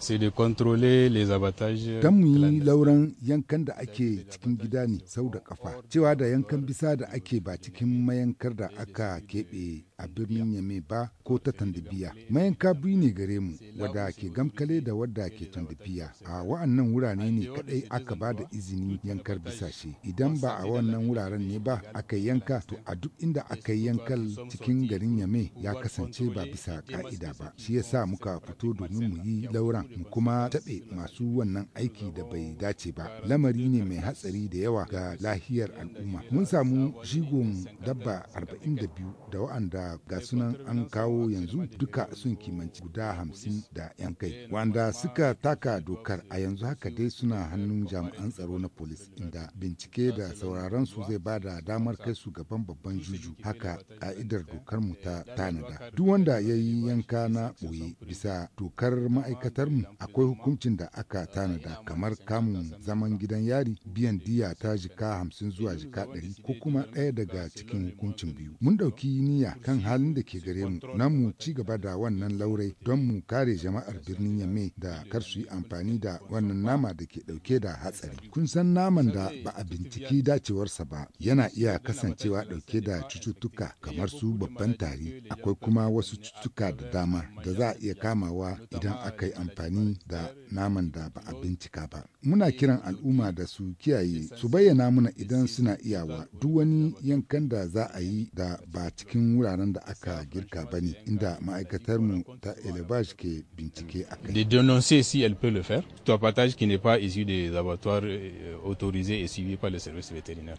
Don mu yi lauran yankan da ake cikin gida ne sau da kafa, cewa da yankan bisa da ake ba cikin mayankar da aka keɓe a birnin Yame ba ko ta Tandibiya. Mayanka biyu ne gare mu wadda ke gamkale da wadda ke Tandibiya. A wa'annan wurare ne kadai aka ba da izini yankar bisashe. Idan ba a wannan wuraren ne ba aka yanka to a duk inda aka yi yankal cikin garin Yame ya kasance ba bisa ka'ida ba. Shi yasa muka fito domin mu yi lauran mu kuma taɓe masu wannan aiki da bai dace ba. Lamari ne mai hatsari da yawa ga lahiyar al'umma. Mun samu jigon dabba 42 da wa'anda ga sunan an kawo yanzu duka sun kimanci guda hamsin da 'yan kai wanda suka taka dokar a yanzu haka dai suna hannun jami'an tsaro na polis inda bincike da sauraron su zai ba da damar kai su gaban babban juju haka ka'idar dokar mu ta tanada duk wanda ya yi yanka na ɓoye bisa dokar ma'aikatar mu akwai hukuncin da aka tanada kamar kamun zaman gidan yari biyan diya ta jika hamsin zuwa jika ɗari ko kuma ɗaya daga cikin hukuncin biyu mun ɗauki niyya kan kan halin da ke gare mu nan mu ci gaba da wannan laurai don mu kare jama'ar birnin Yamme da kar su yi amfani da wannan nama da ke dauke da hatsari. Kun san naman da ba a binciki dacewarsa ba yana iya kasancewa dauke da cututtuka kamar su babban tari akwai kuma wasu cututtuka da dama da za a iya kamawa idan aka yi amfani da naman da ba a bincika ba. Muna kiran al'umma da su kiyaye su bayyana mana idan suna iyawa duk wani yankan da za a yi da ba cikin wuraren De dénoncer si elle peut le faire, partage qui n'est pas issu des abattoirs euh, autorisés et suivis par le service vétérinaire.